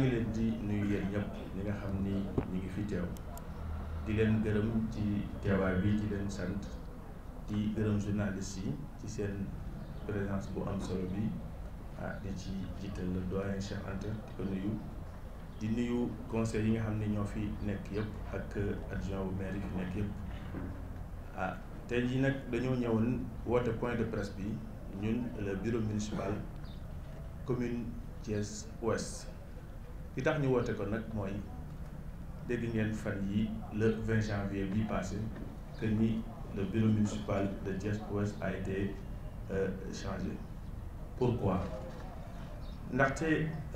ngi leen di nuyu yéen ñëpp ñi nga xam ni ñu ngi fi teew di leen gërëm ci teewaay bi di leen sant di gërëm journaliste yi ci seen présence bu am solo bi ah di ci jiital le doyen Cheikh Anta di ko nuyu di nuyu conseil yi nga xam ne ñoo fi nekk yëpp ak adjoint bu maire yi fi nekk yëpp ah, tey jii nag dañoo ñëwoon woote point de presse bi ñun le bureau municipal commune Thiès Ouest li tax ñu woote ko nag mooy dégg ngeen fan yi le 20 janvier bi passé que ni le bureau municipal de Thiès Ouest a été euh, changé pourquoi ndaxte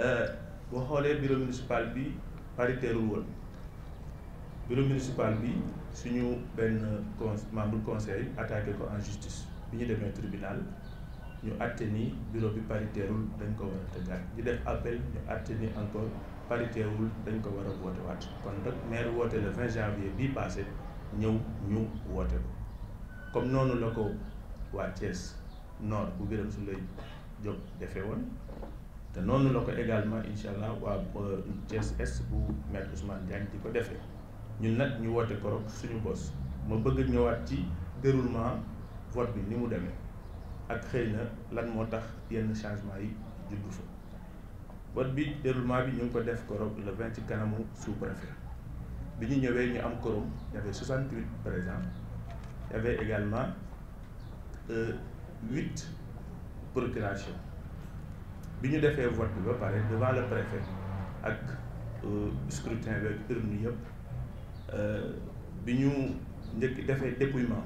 euh, boo xoolee bureau municipal bi paritaire woon bureau municipal bi suñu benn con membre conseil attaqué ko en justice bi ñu demee tribunal ñu àtte ni bureau bi pariteerul dañ ko war a tëggaat ñu def appel ñu àtte ni encore pariteerul dañ ko war a woote waat kon nag maire woote le 20 janvier bii passé ñëw ñu woote ko comme noonu la ko waa Thiès nord bu gërëm su lay jóg defee woon te noonu la ko également incha allah waa euh, Thiès est bu maître Ousmane Diagne di ko defee ñun nag ñu woote korok suñu bos ma bëgg ñëwaat ci déroulement vote bi ni mu demee ak xëy na lan moo tax yenn changement yi juddu fa vote bi déroulement bi ñu ngi ko def koroog le vingt ci kanamu sous-préfet bi ñu ñëwee ñu am quorum y avait 68 présents y avait également euh, huit procurations bi ñu defee vote bi ba pare devant le préfet ak euh, scrutin avec urne yëpp euh, bi ñu njëkk defee dépouillement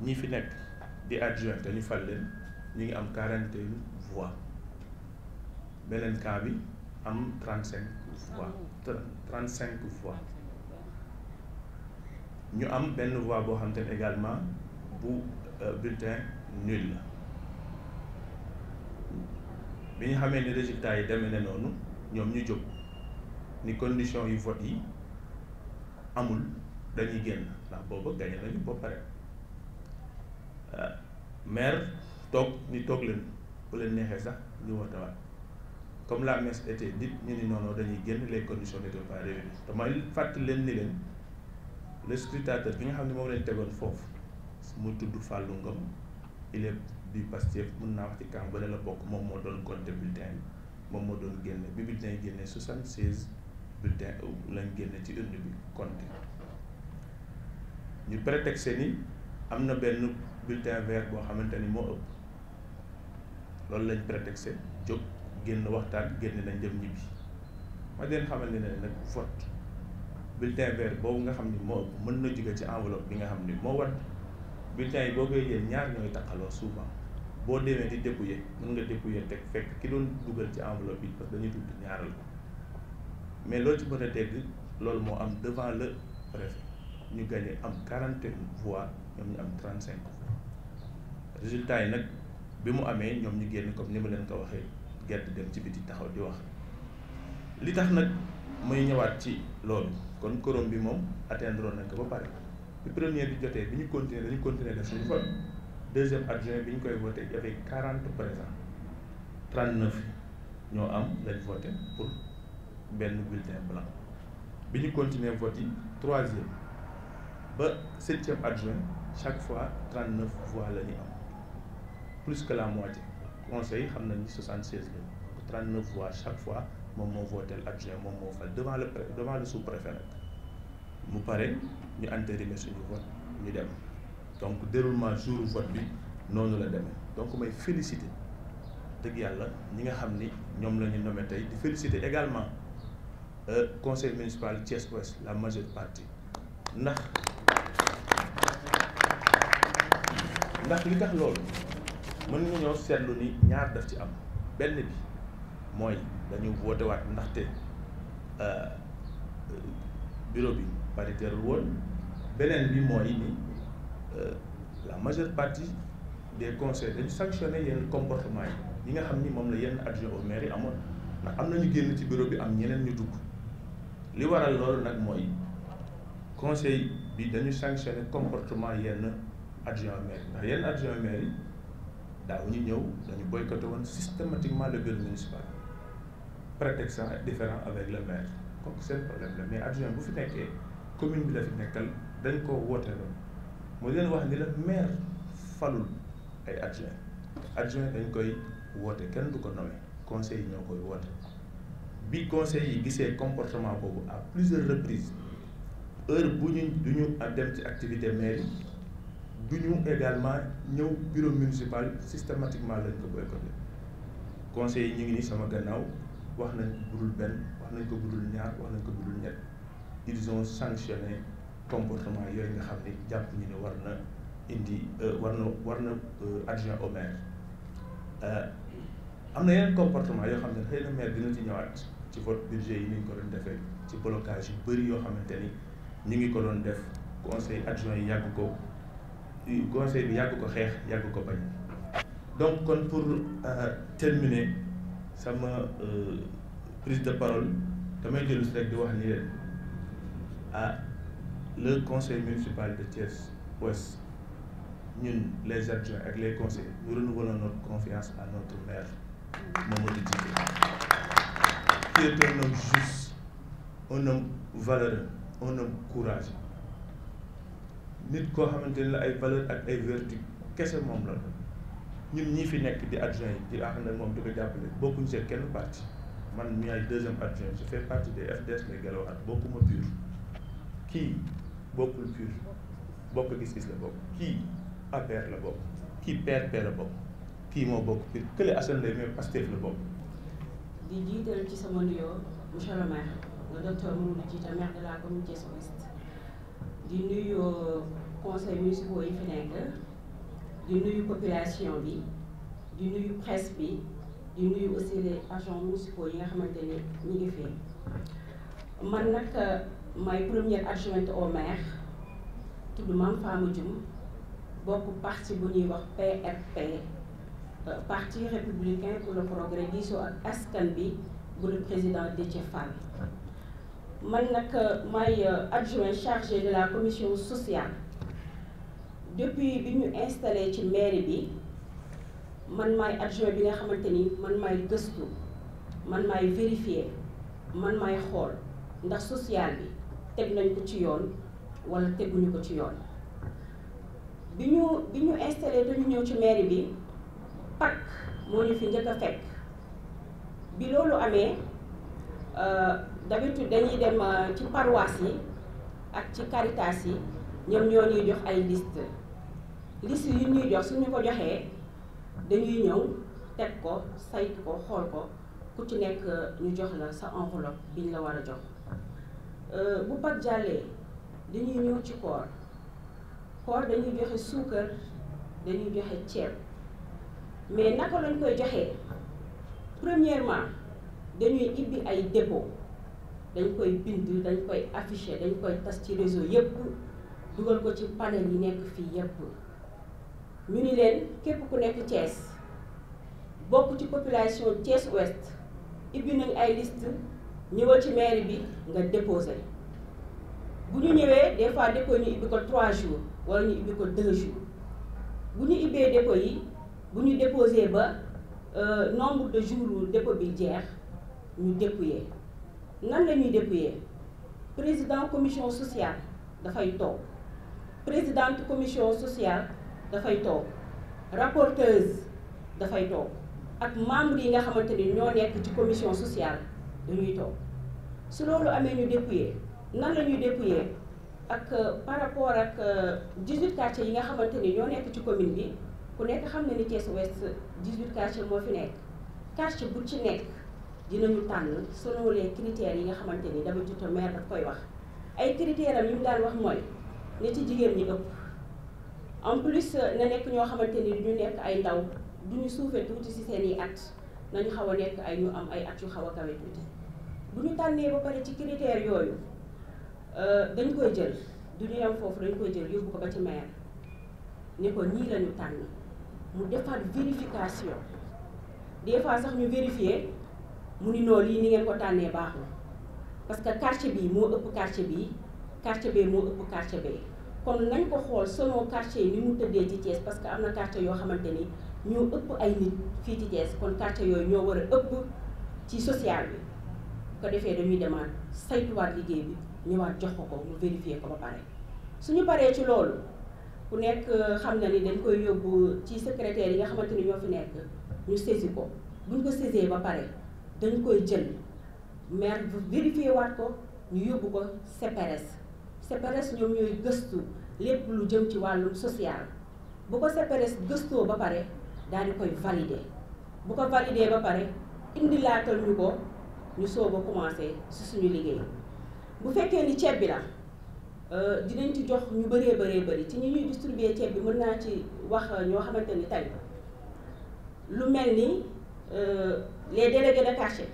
ñi fi nekk di adjoint te ñu fal leen ñu ngi am quarante et une voix beneen bi am trent cinq voix ah trente cinq voix ñu am benn voix boo xam te ne également bu euh, bulletin nul la bi ñu xamee ni résultat yi demee ne noonu ñoom ñu jóg ni condition yu vote yi amul dañuy génn ndax booba gañe nañu ba Euh, maire toog ni toog leen bu leen neexee sax ñu woote waat comme la messe était dite ñu ni noonu dañuy génn les condition n'étaient pas réunies te mooy fàttali leen ni leen le scrutateur bi nga xam ne moom leen tegoon foofu mu tudd Fallou Ngom il est du Pastef mun naa wax ci camp bale la bokk moom moo doon compter bulletin yi moom moo doon génne bi bulletin yi génne soixante seize bulletin euh, lañ génne ci urne bi compté ñu prétexte ni am na benn bulletin vert boo xamante ni moo ëpp loolu lañ prétexté jóg génn waxtaan génn nañ dem ñibbi ma leen xamal ne nag vote bulletin vert boobu nga xam ni moo ëpp mën na jóge ci enveloppe bi nga xam ni moo wadd bulletin yi boo koy jël ñaar ñooy taqaloo souvent boo demee di dëpp dépouiller mën nga dépouiller teg fekk ki doon dugal ci enveloppe bi parce que dañuy tudd ñaaral ko mais loolu ci mën a dégg loolu moo am devant le préfet ñu gagné am quarante voix ñoom ñu am trente cinq résultat yi nag bi mu amee ñoom ñu génn comme ni ma leen ko waxee gerte dem ci biti taxaw di wax li tax nag may ñëwaat ci loolu kon korom bi moom atteindre nañ ko ba pare bi première bi jotee bi ñu continuer dañu continuer def suñu vote deuxième adjoint bi ñu koy voté y avait quarante présents trente neuf ñoo am lañ voté pour benn bulletin blanc bi ñu continuer vote yi troisième ba septième adjoint chaque fois trente neuf voix la ñu am plus que la moitié conseil xam nañu 76 la 39 voix chaque fois moom moo voté adjoint moom moo fal devant le devant le sous-préfet mu pare ñu entériné suñu vote ñu dem donc déroulement jour vote bi noonu la dem donc may félicité dëgg yàlla ñi nga xam ni ñoom la ñu tey di félicité également euh, conseil municipal Thiès Ouest la majeure partie ndax ndax li tax loolu. mën nañoo seetlu ni ñaar daf ci am benn bi mooy dañu voté waat ndaxte euh, bureau bi paritaire woon beneen bi mooy ni euh, la majeure partie des conseils dañu sanctionné yenn comportement yi yi nga xam ni moom la yenn adjoint maire yi amoon ndax am nañu génn ci bureau bi am ñeneen ñu dugg li waral loolu nag mooy conseil bi dañu sanctionné comportement yenn adjoint au maire yenn adjoint maire yi daaw ñu ñëw dañu boycotté woon systématiquement le bureau municipal prétextant ak différent avec le maire kooku seen problème la mais adjoint bu fi nekkee commune bi la fi nekkal dañ ko woote loolu mu leen wax ni la maire falul ay adjoint adjoint dañ koy woote kenn du ko nommé conseil yi ñoo koy woote bi conseil yi gisee comportement boobu a plusieurs reprises heure bu ñu du dem ci activité mairie du ñu également ñëw bureau municipal systématiquement lañ ko boycotté conseil yi ñu ngi nii sama gannaaw wax nañ ko budul benn wax nañ ko budul ñaar wax nañ ko budul ñett ils ont sanctionné comportement yooyu nga xam ni jàpp ñu ne war na indi euh, war na war na euh, adjoint au maire euh, am na yeneen comportement yoo xam ne xëy na maire dina ci ñëwaat ci vote budget yi ni ñu ko doon defee ci blocage yu bëri yoo xamante ni ñu ngi ko doon def conseil adjoint yi yàgg ko. conseil bi yàgg ko xeex yàgg ko bañ donc kon pour euh, terminer sama euh, prise de parole damay jëlu rek di wax ni leen ah, le conseil municipal de Thiès Ouest ñun les adjoints ak les conseils nous renouvelons notre confiance à notre maire Mamadou Djiké qui est un homme juste un homme valeureux un homme courageux nit koo xamante ne la ay valeur ak ay vertu kese moom la ñun ñi fi nekk di adjoint yi di ànd ak moom di ko jàppale bokkuñ seet kenn parti man mi ay deuxième adjoint je fais de des FDS les Guelwaar at bokkuma pur kii bokkul pur bokk gis-gis la bokk kii APR la bokk kii PRP la bokk kii moo bokk pur kële Assane lay mais Pastef la bokk. di jiital ci sama nuyoo monsieur le maire le docteur Mamadou Djita maire de la commune Thiès Ouest di nuyu conseil municipal yi fi nekk di nuyu population bi di nuyu presse bi di nuyu aussi les agents municipaux yi nga xamante ne ñu ngi fi man nag may première adjointe au maire tudd Mame Fama Dioum bokk parti bu ñuy wax PRP euh, parti républicain pour le progrès diisoo ak askan bi bu le président Déthié Fall man nag euh, maay euh, adjoint chargé de la commission sociale depuis bi ñu installé ci mairie bi man maay adjoint bi nga xamante ni man maay gëstu man maay vérifier man maay xool ndax social bi teg nañ ko ci yoon wala teguñu ko ci yoon bi ñu bi ñu installé dañu ñëw ci mairie bi pak moo ñu fi njëkk a fekk bi loolu amee. Euh, d'habitude dañuy dem euh, ci paroisse yi ak ci Caritas yi ñoom ñoo ñuy jox ay liste liste yu ñuy jox suñu ko joxee dañuy ñëw teg ko saytu ko xool ko ku ci nekk euh, ñu jox la sa enveloppe bi ñu la war a jox euh, bu pat jàllee dañuy ñëw ci koor koor dañuy joxe suukar dañuy joxe ceeb mais naka lañ koy joxee premièrement dañuy ibbi ay dépôt dañ koy bind dañ koy afficher dañ koy tas ci réseau yépp dugal ko ci panel yi nekk fii yépp ñu ni leen képp ku nekk Thiès bokk ci population Thiès Ouest ibbi nañ ay liste ñëwal ci mairie bi nga déposé bu ñu ñëwee des fois dépôt ñu ibbi ko trois jours wala ñu ibbi ko 2 jours bu ñu ibbee dépôt yi bu ñu déposé ba euh, nombre de jours dépo bi jeex ñu dépouiller nan la ñuy dépouiller président commission sociale dafay toog présidente commission sociale dafay toog rapporteuse dafay toog ak membre yi nga xamante ni ñoo nekk ci commission sociale dañuy toog su loolu amee ñu dépouiller nan la ñuy dépouiller ak euh, par rapport ak 18 euh, quartiers yi nga xamante ni ñoo nekk ci commune bi ku nekk xam ne ni Thiès Ouest 18 quartiers moo fi nekk quartier bu ci nekk. dinañu tànn selon les critères yi nga xamante ni dama jot a maire koy wax ay critères am yu mu wax mooy ne ci jigéen ñi ëpp en plus na nekk ñoo xamante ni duñu nekk ay ndaw duñu suufee tuuti ci seen at nañu xaw a nekk ay ñu am ay at yu xaw a kawe tuuti bu ñu tànnee ba pare ci critères yooyu euh, dañ koy jël duñu yem foofu dañ koy jël yóbbu ko ba ci maire ne ko ñii lañu tànn mu defaat vérification des fois sax ñu vérifier mu ni noonu lii ni ngeen ko tànnee baaxul parce que quartier bii moo ëpp quartier bii quartier bee moo ëpp quartier bee kon nañ ko xool selon quartier yi ni mu tëddee ci Thiès parce que am na quartier yoo xamante ni ñoo ëpp ay nit fii ci Thiès kon quartier yooyu ñoo war a ëpp ci social bi ko defee dañuy demaat saytuwaat liggéey bi ñëwaat jox ko ko mu vérifier ko ba pare suñu paree ci loolu ku nekk euh, xam na ni dañ koy yóbbu ci secrétaire yi nga xamante ni ñoo fi nekk ñu saisi ko buñ ko saisee ba pare dañ koy jël maire bu vérifié waat ko ñu yóbbu ko CPRS CPRS ñoom ñooy gëstu lépp lu jëm ci wàllum social bu ko CPRS gëstoo ba pare daal di koy validé bu ko validé ba pare indi laatal ñu ko ñu soog a commencé si suñu liggéey bu fekkee ni ceeb bi la euh, dinañ ci jox ñu bëree bëree bari ci ñu ñuy distribuer ceeb bi mën naa ci wax euh, ñoo xamante ni tey lu mel ni Euh, les délégués de quartier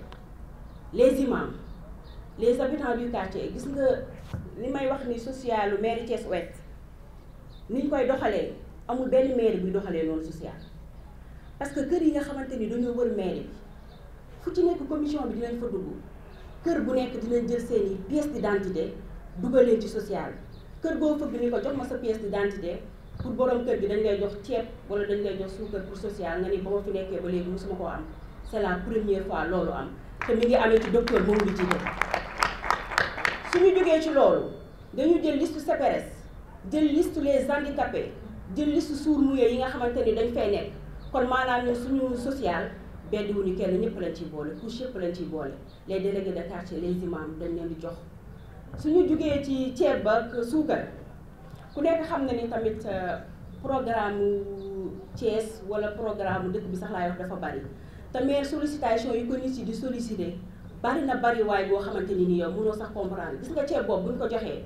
les imams les habitants du quartier gis nga li may wax ni social lu mairie Thiès Ouest ni ñu koy doxalee amul benn mairie buy doxalee noonu social parce que kër yi nga xamante ni dañoo wër mairie bi fu ci nekk commission bi dinañ fa dugg kër bu nekk dinañ jël seen i pièce d'identité dugal leen ci social kër goo fëgg ni ko jox ma sa pièce d'identité pour borom kër gi dañ lay jox ceeb wala dañ lay jox suukar pour social nga ni ba ma fi nekkee ba léegi musuma ko am c'est la première fois loolu am te mi ngi amee ci docteur moom lu jiite suñu jógee ci loolu dañu jël liste CPRS jël liste les handicapés jël liste sourds-muets yi nga xamante ni dañ fay nekk kon maanaam suñu social beddi wuñu kenn ñëpp lañ ciy boole couche yëpp lañ ciy boole les délégués de quartier les imams dañ leen di jox suñu jógee ci ceeb ba suukar ku nekk xam na ni tamit euh, programme Thiès wala programme dëkk bi sax laay wax dafa bari te maire sollicitation yi ko nit yi di sollicité bari na bari waay boo xamante ni ni yow mënoo sax comprendre gis nga ceeb boobu bu ñu ko joxee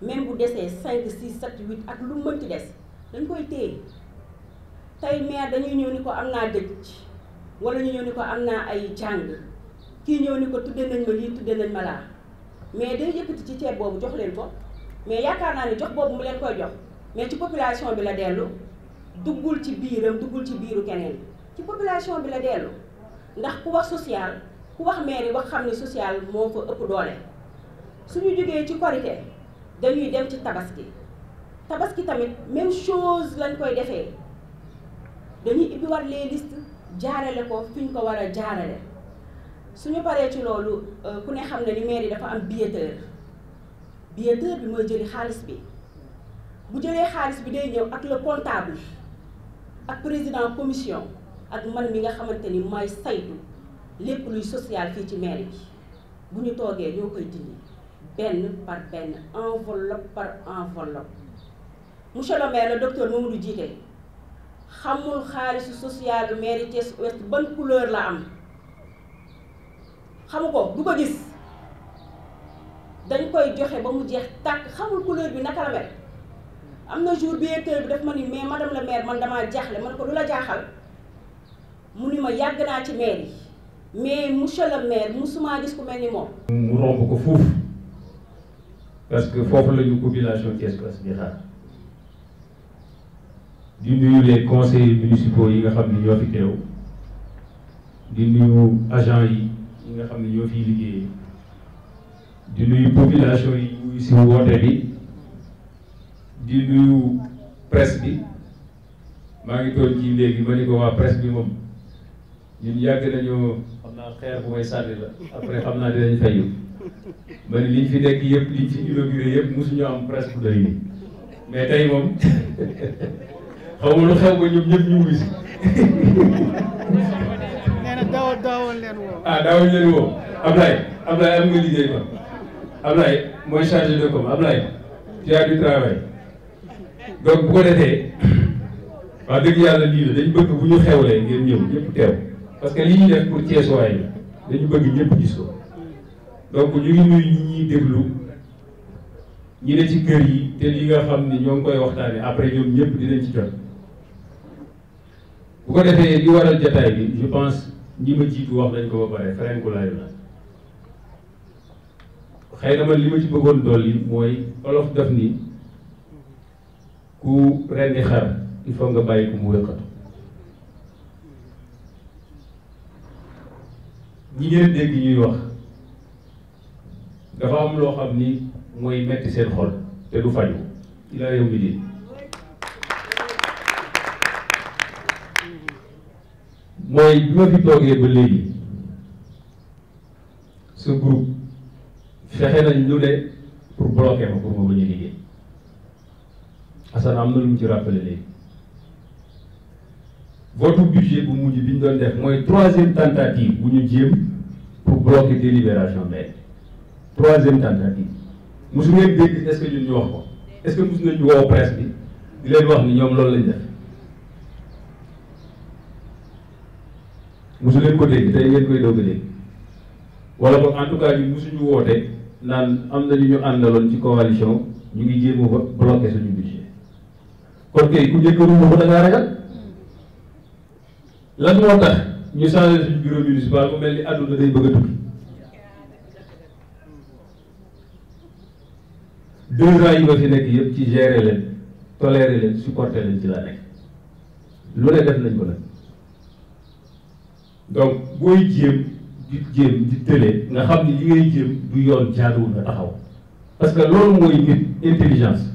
même bu desee 5 6 7 8 ak lu mënti des dañ koy téye tey maire dañuy ñëw ni ko am naa dëkk wala ñu ñëw ni ko am naa ay jàng kii ñëw ni ko tudde nañ ma lii tudde nañ ma laa mais day yëkkati ci ceeb boobu jox leen ko mais yaakaar naa ne jox boobu mu leen koy jox mais ci population bi la dellu duggul ci biiram duggul ci biiru keneen ci population bi la dellu ndax ku wax social ku wax mairie wax xam ne social moo fa ëpp doole suñu jógee ci korité dañuy dem ci tabaski tabaski tamit même chose lañ koy defee dañuy ibbi war les listes jaarale ko fi ñu ko war a jaarale suñu paree ci loolu euh, ku ne xam ne ni mairie dafa am billetteur billetteur bi mooy jëli xaalis bi bu jëlee xaalis bi day ñëw ak le comptable ak président commission ak man mi nga xamante ni mooy saytu lépp luy social fii ci mairie bi bu ñu toogee ñoo koy dindi benn par benn enveloppe par enveloppe monsieur le maire le docteur Mamadou Djité xamul xaalisu social mairie Thiès Ouest ban couleur la am xamu ko du ko gis dañ koy joxe ba mu jeex tàkk xamul couleur bi naka la mel am na jour bi directeur bi ma ni mais madame la maire man damaa jaaxle ma ko lu la jaaxal mu ni ma yàgg naa ci maire yi mais monsieur le maire musuma gis ku mel ni moom. mu romb ko fuuf parce que foofu la ñu population Thiès bi xaar di nuyu les conseillers municipaux yi nga xam ne ñoo fi teew di nuyu agents yi yi nga xam ne ñoo fiy liggéeyee. di nuyu population yi ñuy si woote bi di nuyu presse bi maa ngi toog ci léegi ma ni ko waa presse bi moom ñun yàgg nañoo xam naa xeer bu may sànni la après xam naa dinañ fay ma ni liñ fi nekk yëpp liñ fi inauguré yëpp mosuñu am presse bu doy nii mais tey moom xaw ma lu xew ba ñoom ñëpp ñu wuyu si. nee na daawoon daawoon leen woo. ah daawoon leen woo Ablaye Ablaye am nga liggéey ba. Ablaye mooy chargé de com Ablaye tu as du travail donc bu ko defee wax dëgg yàlla lii la dañ bëgg bu ñu xewlee ngeen ñëw ñëpp teew parce que li ñuy def pour Ceesuwaay yi dañu bëgg ñëpp gis ko donc ñu ngi nuyu ñi ñuy déglu ñi ne ci kër yi te li nga xam ne ñoo ngi koy waxtaanee après ñoom ñëpp dinañ ci jot bu ko defee li waral jotaay bi je pense ñi ma jiitu wax ko ba pare Ferencu xëy na man li ma ci bëggoon dolli mooy olof daf ni ku rendi xar il nga bàyyi ko mu wéqatu ñi ngeen dégg ñuy wax dafa am loo xam ni mooy metti seen xol te du faju ilaa yow mi di mooy bi ma fi toogee ba léegi sa groupe fexe nañ lu ne pour bloquer ma pour ma bañ a liggéey Assane am na lu mu ci rappelé léegi vote budget bu mujj bi ñu doon def mooy troisième tentative bu ñu jéem pour bloquer délibération benn troisième tentative mosu ngeen dégg est-ce que ñun ñu wax ko est-ce que mosu nañu bi di leen wax ni ñoom loolu lañ def mosu leen ko dégg wala boog en tout cas ñun mosuñu woote. naan am na ñu ñu àndaloon ci coalition ñu ngi jéem a bloqué suñu budget kon kay ku njëkk a ruuma ko da ngaa lan moo tax ñu changé suñu bureau municipal mu mel ni àdduna day bëgg a tukki deux ans yi nekk yëpp ci gérer leen tolérer leen supporter leen ci laa nekk lu ne def nañ ko nag donc booy jéem. di jéem di tëlee nga xam ne li ngay jéem du yoon jaaduwul nga taxaw parce que loolu mooy nit intelligence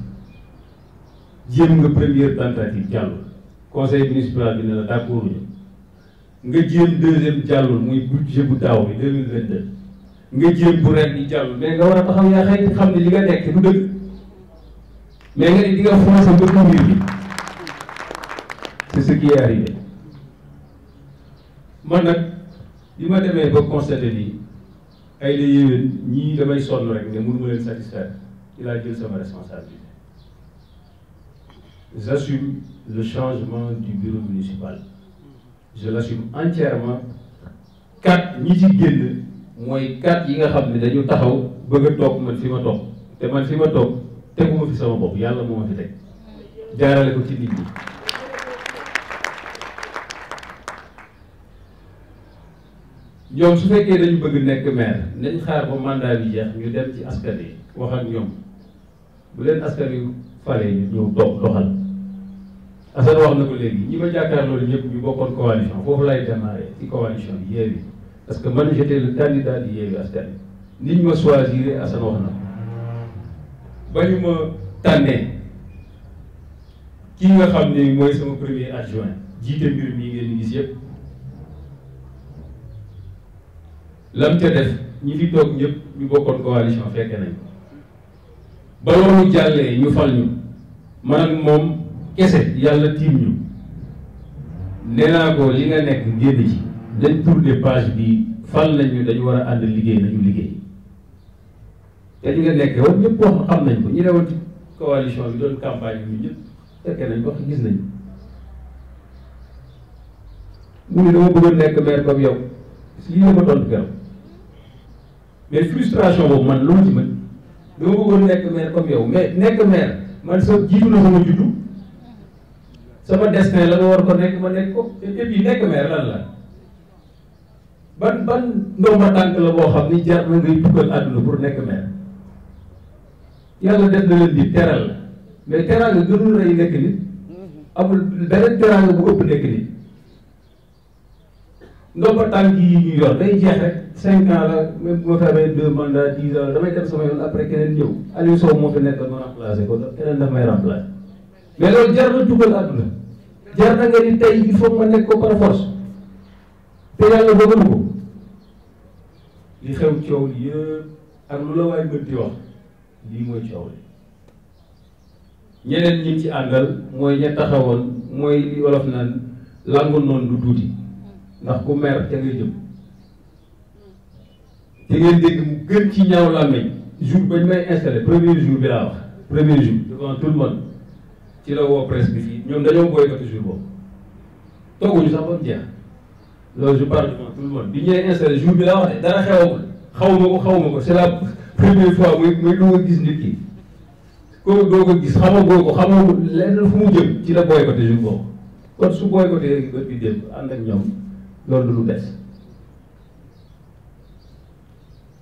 jéem nga première tentative jàllul conseil municipal bi ne la d'accord nga jéem deuxième jàllul muy budget bu daaw bi deux mille vingt nga jéem bu ren bi jàllul mais nga war a taxaw yaa xëy xam ne li nga nekk du dëgg mais nga ne di nga foncer ba mbir bi c'est ce qui est arrivé man nag. bi ma demee ba constaté lii ay la yéwén ñii damay sonn rek nga mënu ma leen satisfaire ci laa jël sama responsabilité j'assume le changement du bureau municipal je l'assume entièrement kat ñi ci génn mooy kat yi nga xam ne dañu taxaw bëgg a toog man fi ma toog te man fi ma toog teguma fi sama bopp yàlla moo ma fi teg jaarale ko ci nit ñi ñoom su fekkee dañu bëgg nekk maire nañ xaar ba mandat bi jeex ñu dem ci askan yi wax ak ñoom bu leen askan yu fale ñu ñëw dox doxal askan wax na ko léegi ñi ma jàkkaar loolu ñëpp ñu bokkoon coalition foofu lay démarré ci coalition bi Yewwi parce que man j'étais le candidat di Yewwi Askan Wi niñ ma choisir Assane wax na ba ñu tànnee ki nga xam ne mooy sama premier adjoint jiite mbir mii ngeen gis yëpp lam ca def ñi fi toog ñëpp ñu bokkoon coalition fekke nañ ko ba loolu jàllee ñu fal ñu man ak moom kese yàlla tiim ñu nee naa ko li nga nekk ngénn ci dañ tourner page bi fal nañu dañu war a ànd liggéey nañu liggéey te ñi nga nekk woon ñëpp wax xam nañ ko ñu ne woon ci coalition bi doon campagne bi ñëpp fekkee nañ wax gis nañ mu ne dama bëggoon nekk maire comme yow lii la ma tontu garab mais frustration boobu man lu ma ci mën ma bëggoon nekk maire comme yow mais nekk maire man sa jiitu na sama juddu sama destin la ma war ko nekk ma nekk ko te depuis nekk maire lan la ban ban ndomba tànk la boo xam ni jar na ngay duggal àdduna pour nekk maire yàlla def na leen di teral la mais teraanga gënul rëy nekk nit amul beneen teraanga bu ëpp nekk nit ndomba tànk yi ñu yor day jeex rek cinq ans la même bu ma fi deux mandats dix ans damay dem sama yoon après keneen ñëw Aliou Sow moo fi nekk ma remplacé ko keneen na dugal àdduna jar na nga ni tey il faut ma ak lu la mooy coow li ñi ci àndal mooy ña taxawoon mooy li wolof naan noonu du tuuti. ndax ku mer ca ngay jëm te ngeen dégg gën ci ñaaw làmmiñ jour bañ may installé premier jour bi laa wax premier jour devant tout le monde ci la ñoom dañoo boykatu jour boobu tooguñu sax ba mu jeex loolu je parle devant tout le monde bi ñuy installé jour bi laa wax de dara xewagul xawma ko xawma ko c'est la première fois muy muy doo ko gis nit ki ko doo ko gis xamagoo ko xamagul lenn fu mu jëm ci la boycotté jour boobu kon su boycotté rek bët bi dem ànd ak ñoom loolu lu bees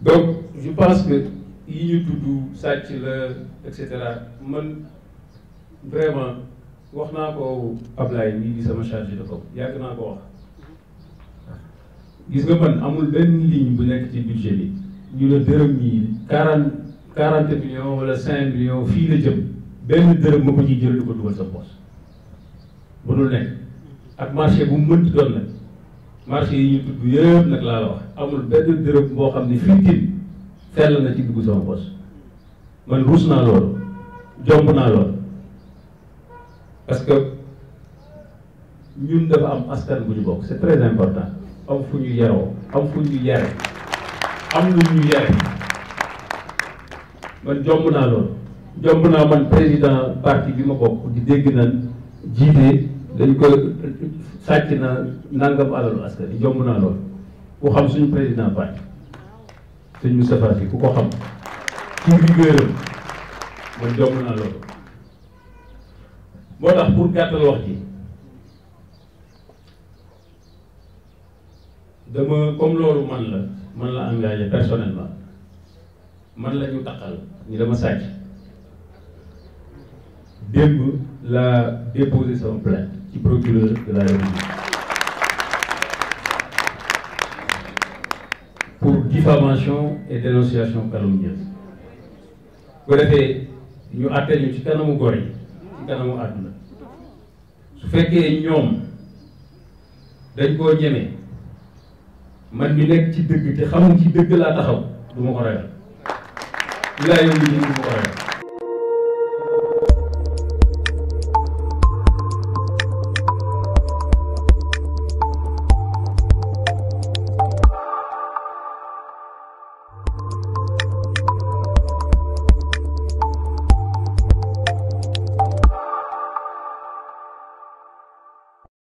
donc je pense que yi ñu tudd sàcc la et cetera man vraiment wax naa ko Ablaye nii di sama chargé de com yàgg naa ko wax gis nga man amul benn ligne bu nekk ci budget yi ñu ne dërëm yi quarante quarante millions wala cinq millions fii la jëm benn dërëm ma ko ñu jël du ko dugal sa poche bu dul nekk ak marché bu mu mënti doon la marché yi ñu tudd yëpp nag laa la wax amul benn dërëm boo xam ne fii tin sell na ci dugg sama bos man ruus naa loolu jomb naa loolu parce que ñun dafa am askan bu ñu bokk c'est très important am fu ñu yaroo am fu ñu yare am lu ñu yare man jomb naa loolu jomb naa man président parti bi ma bokk di dégg naan jiite dañ koy sàcc na nangam alalu askan wi jomb naa lool ku xam suñu président Bañ suñ Moustapha Sy ku ko xam ci rigueuram man jomb naa lool moo tax pour gàttal wax ji dama comme loolu man la man la engagé personnellement man la ñu taqal ñu dama sàcc démb la déposé sama ci procureur de la République pour diffamation et dénonciation calomnieuse bu defee ñu àtte ñu ci kanamu gor yi ci kanamu àdduna su fekkee ñoom dañ koo ñeme man mi nekk ci dëgg te xamuñ ci dëgg laa taxaw du ma li laa yomb ñu du ma